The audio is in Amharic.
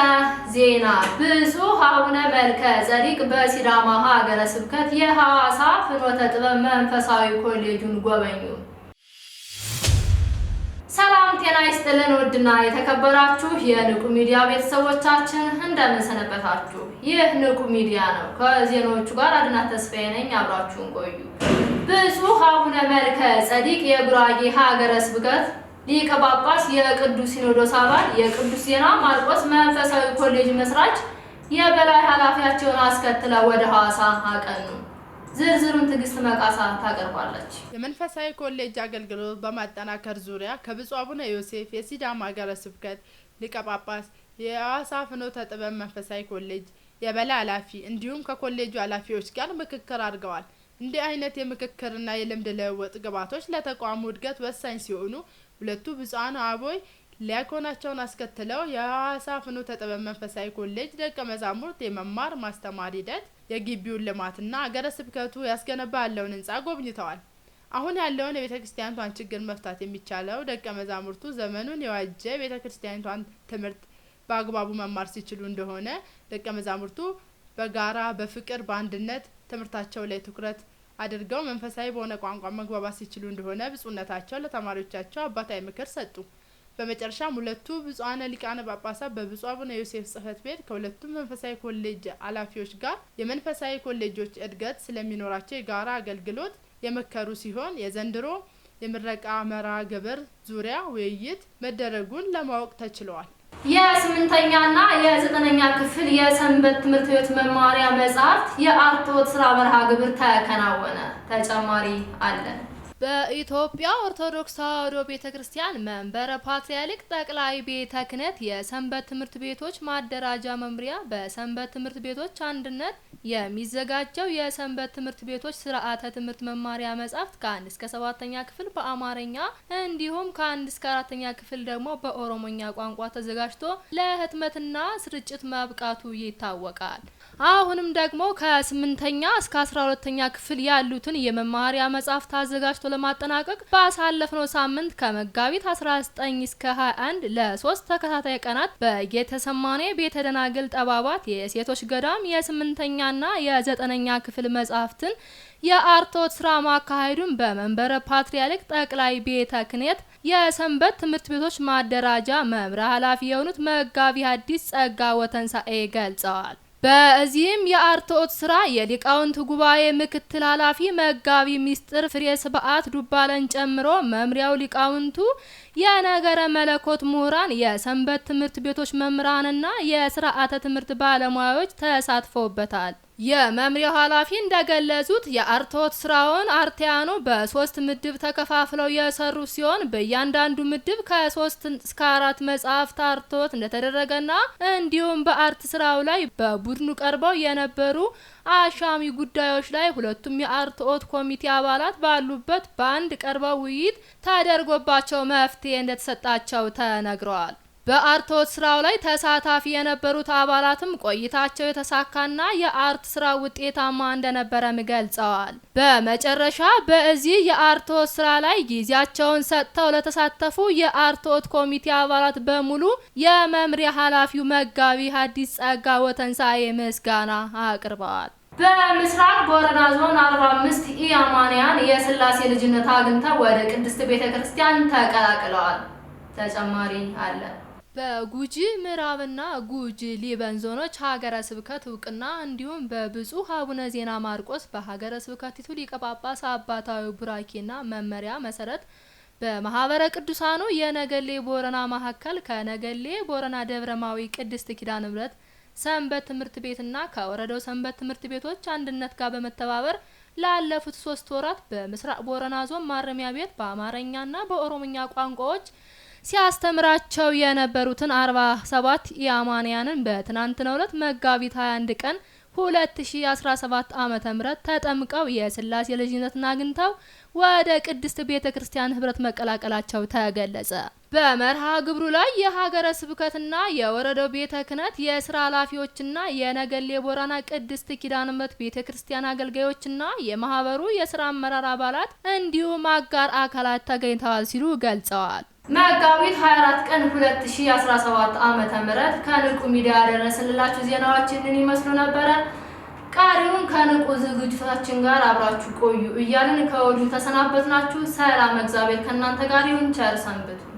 አርእስተ ዜና ብፁዕ አቡነ መልከ ጼዴቅ በሲዳማ ሀገረ ስብከት የሐዋሳ ፍኖተ ጥበብ መንፈሳዊ ኮሌጁን ጎበኙ። ሰላም ጤና ይስጥልን። ውድና የተከበራችሁ የንቁ ሚዲያ ቤተሰቦቻችን እንደምን ሰነበታችሁ? ይህ ንቁ ሚዲያ ነው። ከዜናዎቹ ጋር አድናት ተስፋዬ ነኝ። አብራችሁን ቆዩ። ብፁዕ አቡነ መልከ ጼዴቅ የጉራጌ ሀገረ ስብከት ሊቀ ጳጳስ፣ የቅዱስ ሲኖዶስ አባል፣ የቅዱስ ዜና ማርቆስ መንፈሳዊ ኮሌጅ መስራች የበላይ ኃላፊያቸውን አስከትለው ወደ ሐዋሳ አቀኑ። ዝርዝሩን ትዕግስት መቃሳ ታቀርባለች። የመንፈሳዊ ኮሌጅ አገልግሎት በማጠናከር ዙሪያ ከብፁዕ አቡነ ዮሴፍ የሲዳማ ሀገረ ስብከት ሊቀ ጳጳስ፣ የሐዋሳ ፍኖተ ጥበብ መንፈሳዊ ኮሌጅ የበላይ ኃላፊ እንዲሁም ከኮሌጁ ኃላፊዎች ጋር ምክክር አድርገዋል። እንዲህ አይነት የምክክርና የልምድ ልውውጥ ግብዓቶች ለተቋሙ እድገት ወሳኝ ሲሆኑ ሁለቱ ብፁዓን አቦይ ሊያኮናቸውን አስከትለው የሐዋሳ ፍኖተ ጥበብ መንፈሳዊ ኮሌጅ ደቀ መዛሙርት የመማር ማስተማር ሂደት የግቢውን ልማትና አገረ ስብከቱ ያስገነባ ያለውን ህንጻ ጎብኝተዋል። አሁን ያለውን የቤተ ክርስቲያኒቷን ችግር መፍታት የሚቻለው ደቀ መዛሙርቱ ዘመኑን የዋጀ ቤተ ክርስቲያኒቷን ትምህርት በአግባቡ መማር ሲችሉ እንደሆነ ደቀ መዛሙርቱ በጋራ በፍቅር በአንድነት ትምህርታቸው ላይ ትኩረት አድርገው መንፈሳዊ በሆነ ቋንቋ መግባባት ሲችሉ እንደሆነ ብፁዕነታቸው ለተማሪዎቻቸው አባታዊ ምክር ሰጡ። በመጨረሻም ሁለቱ ብፁዓነ ሊቃነ ጳጳሳት በብፁዕ አቡነ ዮሴፍ ጽሕፈት ቤት ከሁለቱም መንፈሳዊ ኮሌጅ ኃላፊዎች ጋር የመንፈሳዊ ኮሌጆች እድገት ስለሚኖራቸው የጋራ አገልግሎት የመከሩ ሲሆን የዘንድሮ የምረቃ መርሃ ግብር ዙሪያ ውይይት መደረጉን ለማወቅ ተችሏል። የስምንተኛና የዘጠነኛ ክፍል የሰንበት ትምህርት ቤት መማሪያ መጽሐፍት የአርትዖት ስራ መርሃ ግብር ተከናወነ። ተጨማሪ አለን። በኢትዮጵያ ኦርቶዶክስ ተዋሕዶ ቤተ ክርስቲያን መንበረ ፓትርያርክ ጠቅላይ ቤተ ክህነት የሰንበት ትምህርት ቤቶች ማደራጃ መምሪያ በሰንበት ትምህርት ቤቶች አንድነት የሚዘጋጀው የሰንበት ትምህርት ቤቶች ስርዓተ ትምህርት መማሪያ መጻሕፍት ከአንድ እስከ ሰባተኛ ክፍል በአማርኛ እንዲሁም ከአንድ እስከ አራተኛ ክፍል ደግሞ በኦሮሞኛ ቋንቋ ተዘጋጅቶ ለህትመትና ስርጭት መብቃቱ ይታወቃል። አሁንም ደግሞ ከስምንተኛ እስከ አስራ ሁለተኛ ክፍል ያሉትን የመማሪያ መጻሕፍት አዘጋጅቶ አካቶ ለማጠናቀቅ ባሳለፍነው ሳምንት ከመጋቢት 19 እስከ 21 ለሶስት ተከታታይ ቀናት በጌተሰማኔ ቤተ ደናግል ጠባባት የሴቶች ገዳም የስምንተኛና የዘጠነኛ ክፍል መጻሕፍትን የአርቶት ስራ ማካሄዱን በመንበረ ፓትርያርክ ጠቅላይ ቤተ ክህነት የሰንበት ትምህርት ቤቶች ማደራጃ መምሪያ ኃላፊ የሆኑት መጋቢ ሐዲስ ጸጋ ወተንሳኤ ገልጸዋል። በዚህም የአርትኦት ስራ የሊቃውንት ጉባኤ ምክትል ኃላፊ መጋቢ ሚስጥር ፍሬ ስብአት ዱባለን ጨምሮ መምሪያው ሊቃውንቱ፣ የነገረ መለኮት ምሁራን፣ የሰንበት ትምህርት ቤቶች መምህራንና የስርዓተ ትምህርት ባለሙያዎች ተሳትፈውበታል። የመምሪያው ኃላፊ እንደገለጹት የአርትዖት ስራውን አርቲያኖ በሶስት ምድብ ተከፋፍለው የሰሩ ሲሆን በእያንዳንዱ ምድብ ከሶስት እስከ አራት መጽሐፍት አርትዖት እንደተደረገና እንዲሁም በአርት ስራው ላይ በቡድኑ ቀርበው የነበሩ አሻሚ ጉዳዮች ላይ ሁለቱም የአርትዖት ኮሚቴ አባላት ባሉበት በአንድ ቀርበው ውይይት ተደርጎባቸው መፍትሄ እንደተሰጣቸው ተነግረዋል። በአርትዖት ስራው ላይ ተሳታፊ የነበሩት አባላትም ቆይታቸው የተሳካና የአርት ስራ ውጤታማ እንደነበረም ገልጸዋል። በመጨረሻ በዚህ የአርትዖት ስራ ላይ ጊዜያቸውን ሰጥተው ለተሳተፉ የአርትዖት ኮሚቴ አባላት በሙሉ የመምሪያ ኃላፊው መጋቢ ሐዲስ ጸጋ ወተንሳኤ ምስጋና አቅርበዋል። በምስራቅ ቦረና ዞን አምስት ኢአማንያን የስላሴ ልጅነት አግኝተው ወደ ቅድስት ቤተ ክርስቲያን ተቀላቅለዋል። ተጨማሪ አለ። በጉጂ ምዕራብና ጉጂ ሊበን ዞኖች ሀገረ ስብከት እውቅና እንዲሁም በብፁዕ አቡነ ዜና ማርቆስ በሀገረ ስብከቲቱ ሊቀ ጳጳስ አባታዊ ቡራኬና መመሪያ መሰረት በማህበረ ቅዱሳኑ የነገሌ ቦረና ማዕከል ከነገሌ ቦረና ደብረማዊ ቅድስት ኪዳነ ምሕረት ሰንበት ትምህርት ቤትና ከወረዳው ሰንበት ትምህርት ቤቶች አንድነት ጋር በመተባበር ላለፉት ሶስት ወራት በምስራቅ ቦረና ዞን ማረሚያ ቤት በአማርኛና በኦሮምኛ ቋንቋዎች ሲያስተምራቸው የነበሩትን አርባ ሰባት የአማንያንን በትናንትናው መጋቢት 21 ቀን 2017 ዓመተ ምህረት ተጠምቀው የስላሴ ልጅነትን አግኝተው ወደ ቅድስት ቤተ ክርስቲያን ህብረት መቀላቀላቸው ተገለጸ። በመርሃ ግብሩ ላይ የሀገረ ስብከትና የወረደው ቤተ ክህነት የስራ ኃላፊዎችና የነገሌ ቦረና ቅድስት ኪዳንምት ቤተ ክርስቲያን አገልጋዮችና የማህበሩ የስራ አመራር አባላት እንዲሁም አጋር አካላት ተገኝተዋል ሲሉ ገልጸዋል። መጋቢት 24 ቀን 2017 ዓ ም ከንቁ ሚዲያ ያደረስንላችሁ ዜናዎችንን ይመስሉ ነበረ። ቀሪውን ከንቁ ዝግጅታችን ጋር አብራችሁ ቆዩ እያልን ከወዲሁ ተሰናበትናችሁ። ሰላም፣ እግዚአብሔር ከእናንተ ጋር ይሁን። ቸር ሰንብቱ።